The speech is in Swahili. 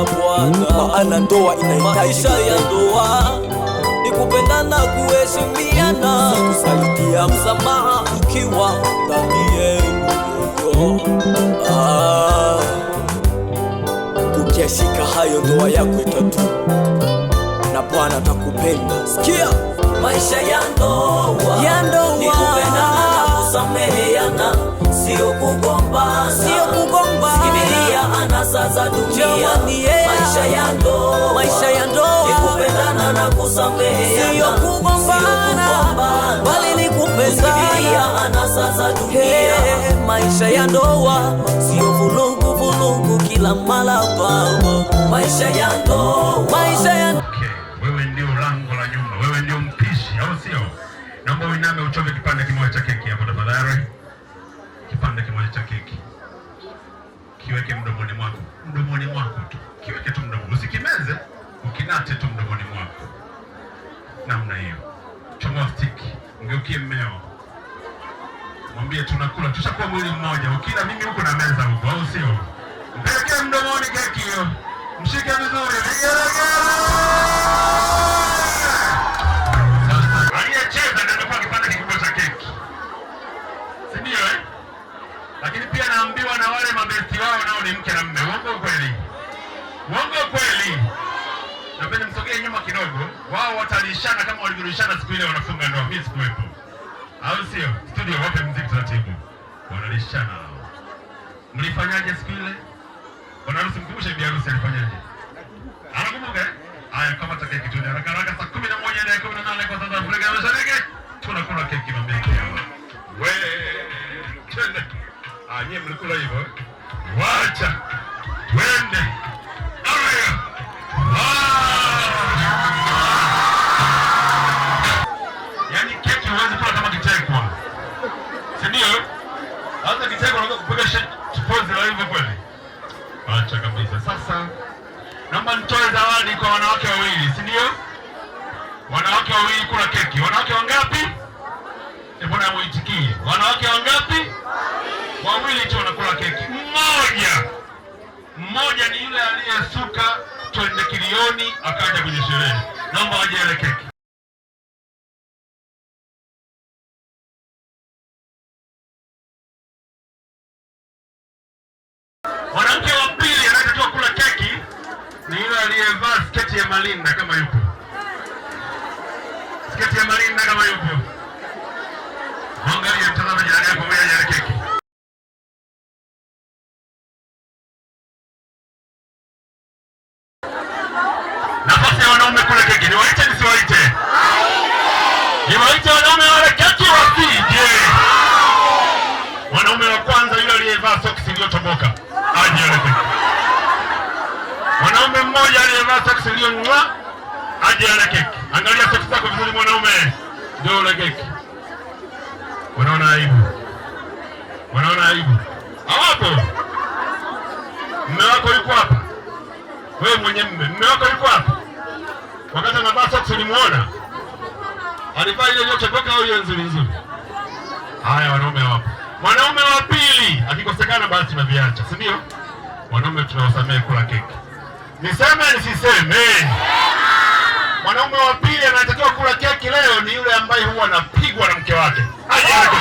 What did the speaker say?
na ndoa maana ndoa inahitaji ndoa ni kupendana, kuheshimiana, kusaidia, msamaha ukiwa ndani yenu. Ah, hayo ndoa yako itatubu na Bwana atakupenda. Sikia maisha ya ndoa anasa za dunia, eh, maisha ya ndoa, maisha ya ndoa ni kupendana na kusameheana, sio kugombana, bali ni kupendana. Anasa za dunia, hey, eh, maisha ya ndoa sio vurugu vurugu kila mara, baba, maisha ya ndoa, maisha ya okay. wewe ndio lango la nyumba, wewe ndio mpishi, au sio? Naomba uiname uchome kipande kimoja cha keki hapo tafadhali, kipande kimoja cha keki kiweke mdomoni mwako, mdomoni mwako tu, kiweke tu mdomo, usikimeze, ukinate tu mdomoni mwako, namna hiyo. Chomoa stiki, mgeukie mmeo, mwambie tunakula, tushakuwa mwili mmoja. Ukila mimi huko na meza huko, au sio? Mpelekee mdomoni keki hiyo, mshike vizuri, vigelegele mcha na uongo kweli? Uongo kweli? Napenda msogee nyuma kidogo, wao watalishana kama walivyolishana siku ile wanafunga ndoa. Mimi sikuwepo, au sio? Studio wape mziki taratibu, wanalishana hao. Mlifanyaje siku ile? Wanarusi, mkumbushe bi harusi alifanyaje? Anakumbuka? Eh? Haya, kama take kitu ni haraka haraka, saa kumi na moja na kumi na nane kwa sasa Afrika ya Mashariki tunakula keki na mbeki. Wewe, tena, Ah, nyie mlikula hivyo? Eh? wacha twende. Yani ah. keki huwezi kula kama kitekwa, si ndio? Hata kitekwa unaweza kupiga pozi la hivyo kweli? Acha kabisa. Sasa naomba nitoe zawadi kwa wanawake wawili, si ndio? Wanawake wawili kula keki. Wanawake wangapi? Mbona muitikie? Wanawake wangapi? wawili tu wanakula keki, mmoja mmoja ni yule aliyesuka twende kilioni akaja kwenye sherehe, naomba waje ale keki. Mwanamke wa pili anayetakiwa kula keki ni yule aliyevaa sketi ya Malinda kama yupo sketi ya Malinda kama yupo wanaume kule keki, niwaite nisiwaite? Niwaite wanaume wale keki wasije? Wanaume wa kwanza yule aliyevaa soksi iliyotoboka aje ale keki. Mwanaume mmoja aliyevaa soksi iliyonua aje ale keki. Angalia soksi zako vizuri mwanaume, ndio ule keki. Wanaona aibu, wanaona aibu. Hawapo. Mume wako yuko hapa? Wewe mwenye mume, mume wako yuko hapa? wakati anavaa soksi nimuona alivaa ile nyocha paka au nzuri nzuri. Haya, wanaume wapo. Mwanaume wa pili akikosekana, basi tunaviacha, si ndio? Wanaume tunawasamehe kula keki. Niseme nisiseme? Mwanaume wa pili anatakiwa kula keki leo ni yule ambaye huwa anapigwa na mke wake. Aje.